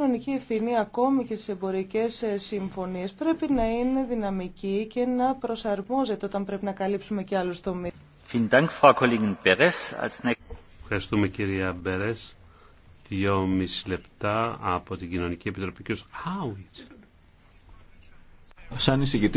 κοινωνική ευθύνη ακόμη και στις εμπορικές ε, συμφωνίες πρέπει να είναι δυναμική και να προσαρμόζεται όταν πρέπει να καλύψουμε και άλλους τομείς. Ευχαριστούμε κυρία Μπερές. Δυο μισή λεπτά από την Κοινωνική Επιτροπή. Σαν εισηγητής